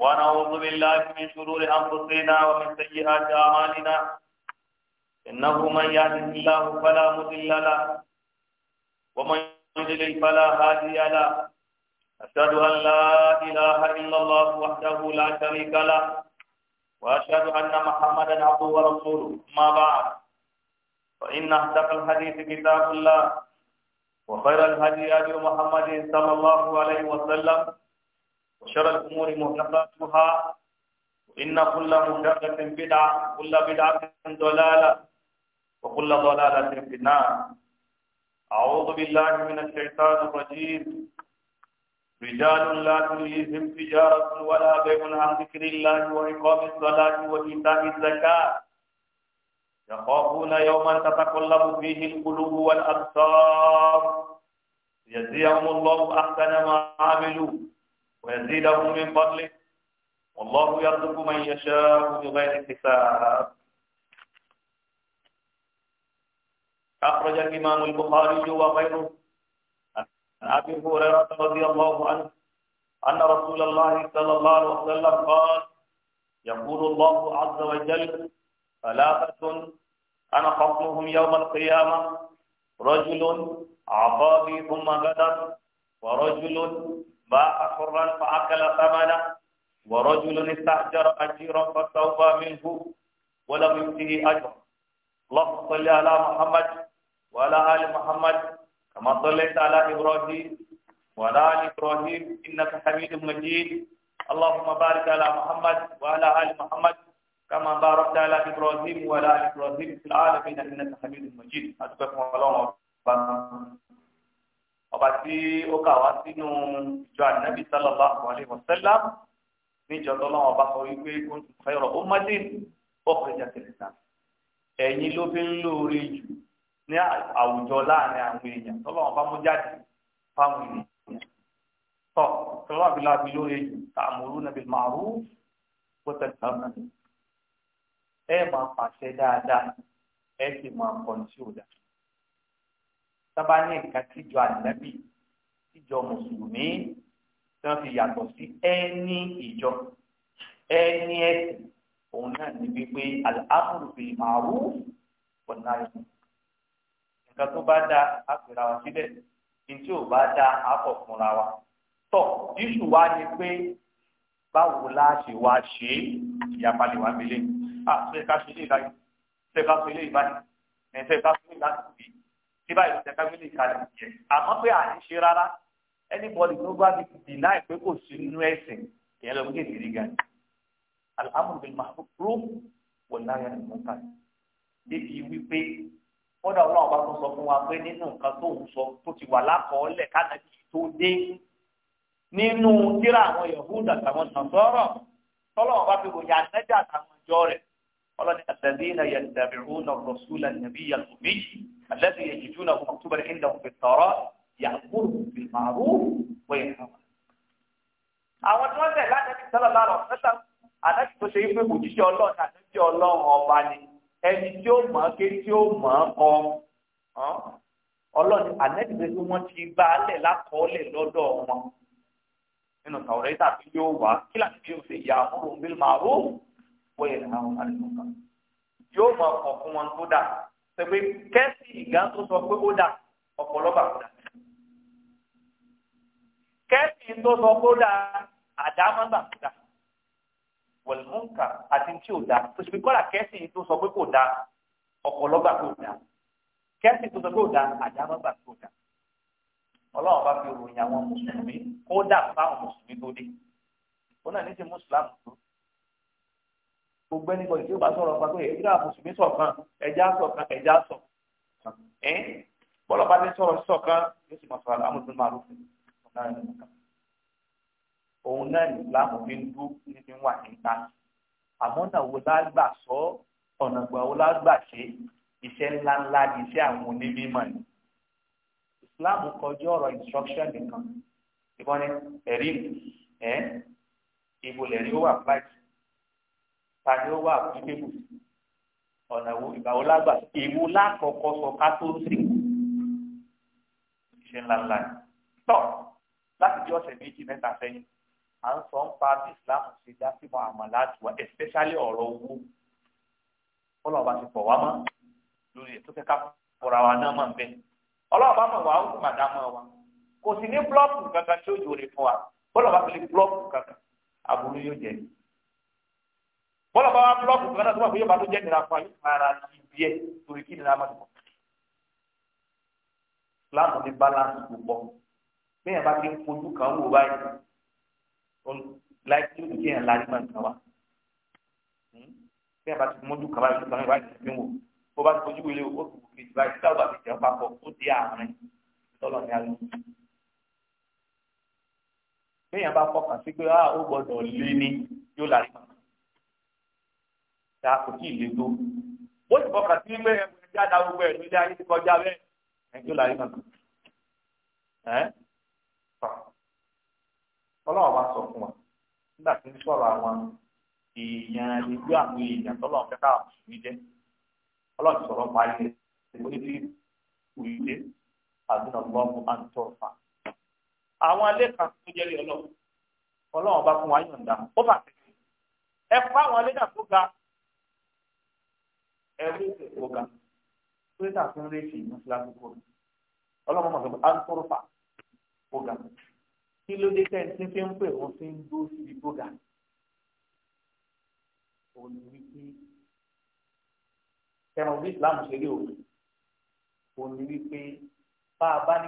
ونعوذ بالله من شرور أنفسنا ومن سيئات أعمالنا إنه من يهده الله فلا مضل له ومن يضلل فلا هادي له أشهد أن لا إله إلا الله وحده لا شريك له وأشهد أن محمدا عبده ورسوله ما بعد فإن أصدق الحديث كتاب الله وخير الهدي هدي محمد صلى الله عليه وسلم وشر الأمور محدثاتها إن كل محدثة بدعة كل بدعة ضلالة وكل ضلالة في النار أعوذ بالله من الشيطان الرجيم رجال لا تلهيهم تجارة ولا بيع عن ذكر الله وإقام الصلاة وإيتاء الزكاة يخافون يوما تتقلب فيه القلوب والأبصار يجزيهم الله أحسن ما عملوا ويزيدهم من فضله والله يرزق من يشاء بغير حساب أخرج الإمام البخاري وغيره عن أبي هريرة رضي الله عنه أن رسول الله صلى الله عليه وسلم قال يقول الله عز وجل ثلاثة أنا خصمهم يوم القيامة رجل عقابي ثم غدر ورجل باع حرا فأكل ثمنا ورجل استأجر أجيرا فاستوفى منه ولم يؤته أجرا اللهم صل على محمد وعلى آل محمد كما صليت على إبراهيم وعلى آل إبراهيم إنك حميد مجيد اللهم بارك على محمد وعلى آل محمد كما باركت على إبراهيم وعلى آل إبراهيم في العالمين إنك حميد مجيد أتقكم الله ọba tí ó kà wá sínú ìjọ ànábì sallallahu alaihi wasallam níjọ tó lọ́wọ́ ọba sọ wípé kuntum khayra ummatin ukhrijat lin-nas ẹ̀yin ló fi ń lóore jù ní àwùjọ láàrin àwọn èèyàn tọ́lọ́wọ́n bá mú jáde fáwọn èèyàn tọ́ tọ́lọ́wọ́n fi láàbí lóore jù ta'muruna bil ma'ruf wa tanhawna 'anil ẹ máa pàṣẹ dáadáa ẹ sì máa kọ́ ní sí òdà sábà ní nǹkan tíjọ ànábì tíjọ mùsùlùmí tí wọ́n fi yàtọ̀ sí ẹni ìjọ ẹni ẹ̀sìn òun náà ní wípé al-amru bil ma'ruf wan nahy nǹkan tó bá dáa á pèrè àwọn síbẹ̀ ntí ò bá dáa á pọ̀ fúnra wa tọ̀ iṣu wa ni pé báwo la ṣe wá ṣe ìyapa lè wá mele à ah, ṣe ká ṣe ilé ìbáyìí ṣe ká ṣe ilé ìbáyìí ẹ̀ ká ṣe ilé ìbáyìí ní báyìí ló tẹ̀ka mílì kalẹ̀ yẹn àmọ́ pé à rárá anybody tó bá ti dìná ìpé kò sí nínú ẹ̀sìn kìí lọ gbé ìrírí gan alhamdu bil ma'ruf wal nahy anil munkar débi wípé kódà ọlọ́run bá tó sọ fún wa pé nínú nǹkan tó ń sọ tó ti wà lákọọ́lẹ̀ kánàkì tó dé nínú tíra àwọn yahuda àtàwọn nasara tọ́lọ́run bá fi wòye àtẹ́jà àtàwọn ìjọ rẹ̀ ọlọ́ni àtẹ̀lé náà yẹ الذي يجدونه مكتوبا عندهم في التوراة يأمرهم بالمعروف وينهاهم àwọn tí wọ́n tẹ̀ láti ẹni sọ́lọ́ lárọ̀ mẹ́ta àdájú tó ṣe wípé òjíṣẹ́ ọlọ́run àtúnṣe ọlọ́run ọba ni ẹni tí ó mọ̀ ké tí ó mọ̀ kọ ọlọ́run ànẹ́tìsẹ́ tí wọ́n ti bá a lẹ̀ lákọọ́lẹ̀ lọ́dọ̀ wọn nínú tàwọ̀rẹ́ tàbí yóò wá kí láti fi ṣe ìyá àkúrò ń bí màrú wọ́n yẹ̀ láwọn àlejò kan yóò mọ̀ ọ̀kọ̀ fún wọn tó dáa pẹ̀pẹ́ kẹ́sì ìgá tó sọ pé ó dà ọ̀pọ̀lọpọ̀ àkùdà kẹ́sì tó sọ pé ó dà àdámọ́gbà àkùdà wẹ̀lmúǹkà àti tí ò dà tó ṣe fi kọ́ra kẹ́sì tó sọ pé kò dà ọ̀pọ̀lọpọ̀ àkùdà kẹ́sì tó sọ pé ó dà àdámọ́gbà àkùdà ọlọ́run bá fi ròyìn àwọn mùsùlùmí kó dà fáwọn mùsùlùmí tó dé ó náà ní ti mùsùlùmí tó dé gbogbo ẹni kọ́ni tí ó bá sọ̀rọ̀ ọ̀pá pé ẹ̀jẹ̀ àmùsùnmí sọ̀kan ẹ̀jẹ̀ àsọ̀kan ẹ̀jẹ̀ àsọ̀ ẹ̀ bọ́lọ̀ bá ti sọ̀rọ̀ sọ̀kan yóò sì máa sọ̀rọ̀ àmùsùnmí máa lò fún òun náà ní ìlànà fi ń dú níbi wà níta àmọ́ náà wo lágbà sọ ọ̀nà gbà wo lágbà ṣe iṣẹ́ ńláńlá ní iṣẹ́ àwọn onímọ̀ ni Islam kọjú ọ̀rọ̀ instruction nìkan ìbọn ni ẹ̀rí ẹ̀ ìbò lẹ̀rí ó wà flight tani ó wà àplikébù ọ̀nà ìgbàwó lágbà èwo lákọ̀ọ́kọ́ sọ ká tó ń sìn iṣẹ́ ńlá ńlá tọ́ láti bí ọ̀sẹ̀ méjì mẹ́ta sẹ́yìn à ń sọ ń pa bí Islam ṣe dá sí mọ́ àmàlà àtúwá especially ọ̀rọ̀ owó ọlọ́ọ̀bá ti pọ̀ wá mọ́ lórí ètò kẹ́kà fúnra wa náà mọ̀ ń bẹ́ ọlọ́ọ̀bá mọ̀ wá ó kù màdá mọ̀ wa kò sí ní búlọ́ọ̀kù kankan tí ó jòrè fún wa bọ́lọ̀ bá fi lè búlọ́ọ̀kù kankan àbúrú yóò jẹ́ yìí bọ́lá bá wá búlọ́ọ̀kù kan náà tó wà pé yóò bá tó jẹ́ nira fún ayé ara ti bíẹ́ torí kí nira máa ti pọ̀. láàmú ní balance gbogbo bẹ́ẹ̀ bá ti ń fojú kan wò báyìí láìpẹ́ òdù kí èèyàn lárí máa ń kàn wá. Hmm? bẹ́ẹ̀ bá ti mójú kan báyìí kan wáyé ti wò bó bá ti fojú wele o kò kò kejì báyìí táwọn ti jẹun papọ̀ ó di àárín tọ́lọ̀ ní alẹ́. bẹ́ẹ̀ bá fọkàn sí pé ah, ó gbọ́dọ̀ lé ní yóò lárí máa ta kò tí ì lè tó bó ti fọkàn sí pé ẹgbẹ́ ẹjẹ àdá gbogbo ẹ nílé ayé ti kọjá bẹ́ẹ̀ ẹjọ́ làyé kan ẹ Ọlọ́run wa sọ fún wa nígbà tí ń sọ̀rọ̀ àwọn èèyàn ìlú àwọn èèyàn tọ́lọ̀ kẹta òṣùwì jẹ́ Ọlọ́run sọ̀rọ̀ pa ilé oníbi òyìnbó àdúrà lọ́mú àǹtọ̀fà àwọn alẹ́ tó jẹ́rí Ọlọ́run Ọlọ́run bá fún wa yọ̀ǹda ó bàtẹ́ ẹ fún àwọn alẹ́ tó ga everything kó ga twitter tó ń rétí mọ́ṣáláṣí kó ga ọlọ́mọ mọ̀ sọ́kọ́ antorofa kó ga kí ló dé tẹ́ ẹ̀ tí ń pè wọ́n fi ń dó sí kó òun ni wípé ẹran bí islam ṣe rí òun òun ni wípé bá a bá ní